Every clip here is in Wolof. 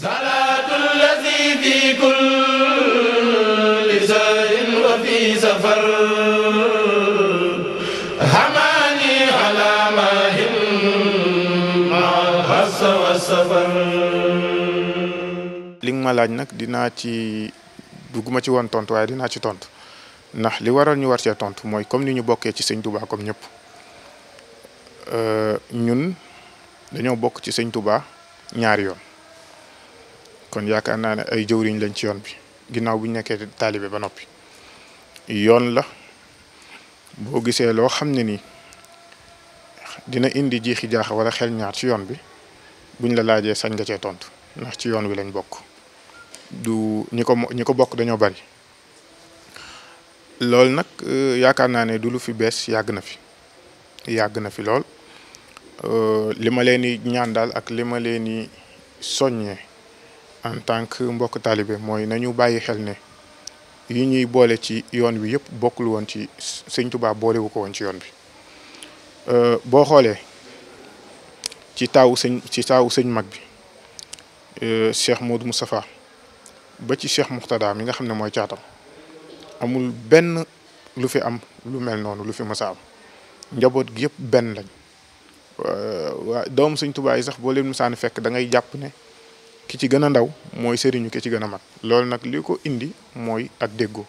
li nga ma laaj nag dina ci dugguma ci woon tontu waaye dinaa ci tontu ndax li waral ñu war cee tontu mooy comme ni ñu bokkee ci sëñ Touba comme ñëpp euh, ñun dañoo bokk ci sëñ Touba ñaari yoon. kon yaakaar naa ne ay jëwriñ lañ ci yoon bi ginnaaw bu ñu nekkee taalibe ba noppi yoon la boo gisee loo xam ne nii dina indi jiixi jaaxa wala xel ñaar ci yoon bi buñ la laajee sañ nga cee tontu ndax ci yoon wi lañ bokk du ñi ko ñi ko bokk dañoo bari loolu nag euh, yaakaar naa ne du lu fi bees yàgg na fi yàgg na fi lool euh, lima ma leen ñaan daal ak li ma leen di soññee. en tant que mbokk taalibe mooy nañu bàyyi xel ne yi ñuy boole ci yoon wi yëpp bokkul woon ci sëñ tubaa boolewu ko woon ci yoon bi euh, boo xoolee ci taawu sëñ ci taawu sëñ mag bi euh, Cheikh Modou Moustapha ba ci Cheikh Muxtada mi nga xam ne mooy caatam amul benn lu fi am lu mel noonu lu fi mës a am njaboot gi yëpp benn lañ euh, waa doomu sëñ Tuubaa sax boo leen musaani fekk da ngay jàpp ne ki ci gën a ndaw mooy sëriñu ki ci gën a mag loolu nag li ko indi mooy ak déggoo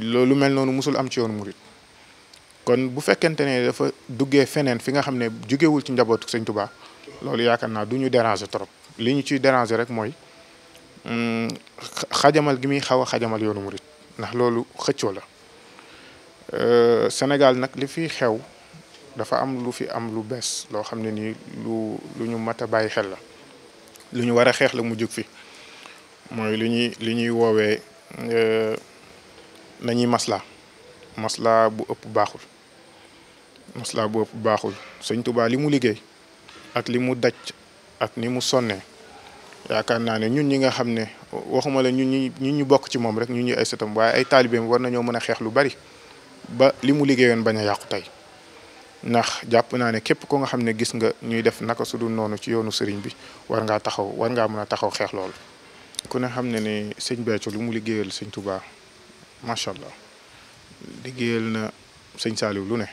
loolu mel noonu musul am ci yoon murit kon bu fekkente ne dafa duggee feneen fi nga xam ne jógewul ci njabootu sëñ Tuubaa loolu yaakaar naa du ñu déranger trop li ñu ciy déranger rek mooy mm, xajamal gi muy xaw a xajamal yoonu murit ndax loolu xëccoo la euh, Sénégal nag li fi xew dafa am lu fi am lu bees loo xam ne nii lu lu ñu mat a bàyyi xel la luñu wara xex la mu juk fi moy lu liñuy wowe euh nañuy masla masla bu ëpp baaxul masla bu ëpp baaxul señ touba limu mu ak limu dacc ak ni mu sonné yaakaar naa ne ñun ñi nga xam ne waxuma la ñun ñi ñun ñu bokk ci moom rek ñun ñu ay sëtam waaye ay taalibeem war nañoo mën a xeex lu bari ba li mu liggéeyoon bañ a yàqu tey ndax jàpp naa ne képp ko nga xam ne gis nga ñuy def naka su dul noonu ci yoonu sëriñ bi war ngaa taxaw war ngaa mën a taxaw xeex lool ku ne xam ne ni sëñ Béthio lu mu liggéeyal sëñ Touba macha allah liggéeyal na sëñ Saliou lu ne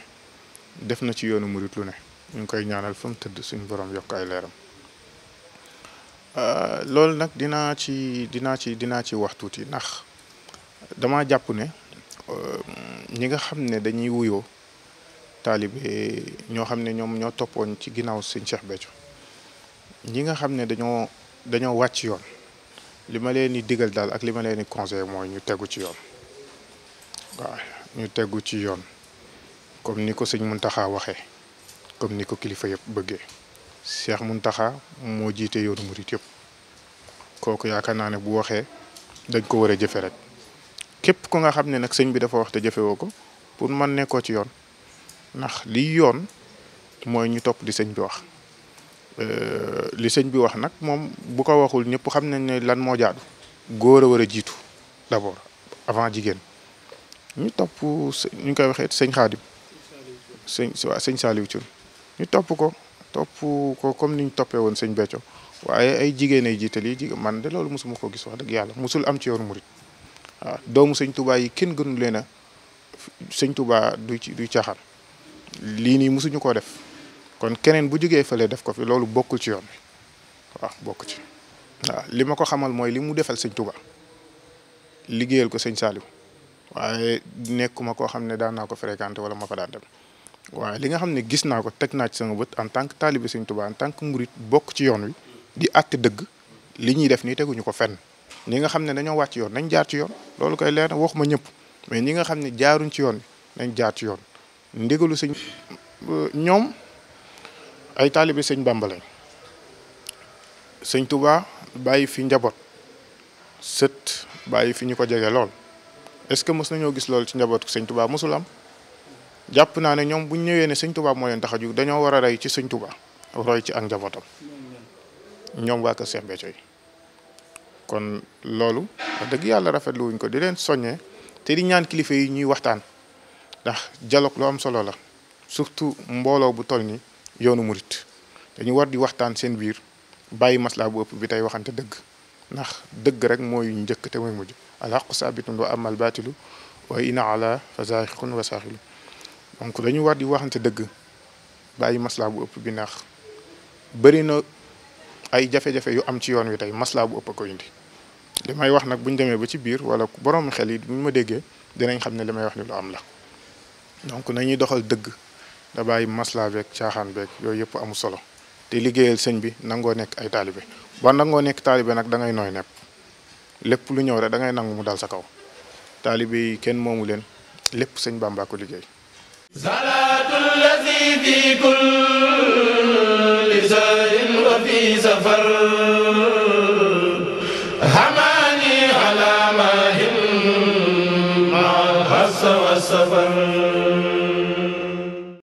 def na ci yoonu murit lu ne ñu ngi koy ñaanal fa mu tëdd suñu borom yokk ay leeram. Euh, loolu nag dinaa ci dinaa ci dinaa ci wax tuuti ndax dama jàpp ne euh, ñi nga xam ne dañuy wuyoo. taalibe ñoo xam ne ñoom ñoo toppoon ci ginnaaw siñ Cheikh Béthio ñi nga xam ne dañoo dañoo wàcc yoon li ma leen di digal daal ak li ma leen di conseil mooy ñu tegu ci yoon waaw ñu tegu ci yoon comme ni ko sëñ Muntaxa waxee comme ni ko kilifa yëpp bëggee mun taxa moo jiite yoonu murit yëpp kooku yaakaar naa ne bu waxee dañ ko war a jëfe rek képp ku nga xam ne nag sëñ bi dafa wax te jëfewoo ko pour man nekkoo ci yoon ndax liy yoon mooy ñu topp li sëñ bi wax euh, li sëñ bi wax nag moom bu ko waxul ñëpp xam nañ ne lan moo jaadu. góor a war a jiitu d'abord avant jigéen ñu topp ñu koy waxee sëñ Xaadim sëñ waaw sëñ Saaliw ñu topp ko topp ko comme ni ñu toppee woon sëñ Bécco waaye ay jigéen ay jiital yi jigéen man de loolu mosuma ko gis wax dëgg yàlla mosul am ci yoonu murit waaw doomu sëñ Tuubaa yi kenn gënu leen a sëñ Tuubaa du ci du caaxaan. lii nii mosuñu koo def kon keneen bu jógee fële def ko fi loolu bokkul ci yoon bi waaw bokku ci waaw li ma ko xamal mooy li mu defal sëñ Touba liggéeyal ko sëñ Saliou waaye nekkuma koo xam ne daan naa ko fréquenté wala ma fa daan dem waaye li nga xam ne gis naa ko teg naa ci sama bët en tant que taalibe sëñ Touba en tant que bokk ci yoon wi di àtte dëgg li ñuy def nii teguñu ko fenn ñi nga xam ne dañoo ci yoon nañ jaar ci yoon loolu koy leer na waxuma ñëpp mais ñi nga xam ne jaaruñ ci yoon nañ jaar ci yoon. ndigalu sëñ ñom ay talibé sëñ bamba lañ sëñ touba bayyi fi njabot sët bayyi fi ñuko ko lool est-ce que mës nañoo gis lool ci njabot sëñ touba mësul am jàpp naa ne ñoom bu ñëwé né ne touba mo leen taxaju dañoo wara ray ci sëñ touba roy ci ak njabotam ñom wa ko sembé kon loolu wax yalla rafet lu wuñ ko di leen soñé té di ñaan kilifa yi ñuy waxtaan. ndax dialogue lu am solo la surtout mbooloo bu toll ni yoonu murit dañu war di waxtaan seen biir bàyyi maslaa bu ëpp bi tey waxante dëgg ndax dëgg rek mooy njëkk te mooy mujj amal baatilu wa ina ala fa zaaxiqun wa saaxilu donc dañu war di waxante dëgg bàyyi maslaa bu ëpp bi ndax bëri na ay jafe-jafe yu am ci yoon wi tey maslaa bu ëpp a ko indi li may wax nag bu ñu demee ba ci biir wala borom xel yi bu ma déggee dinañ xam ne li may wax ni lu am la donc nañuy doxal dëgg da bàyyi maslaa beeg caaxaan beeg yooyu yëpp amu solo te liggéeyal sëñ bi nangoo nekk ay taalibe ba nangoo nekk taalibe nag dangay nooy nepp lépp lu ñëw rek da ngay nangu mu dal sa kaw taalibe kenn moomu leen lépp sëñ Bàmbaa ko liggéey salaatul lazi fi kulli sahrin wa fi safar hamani ala mahim ma al safar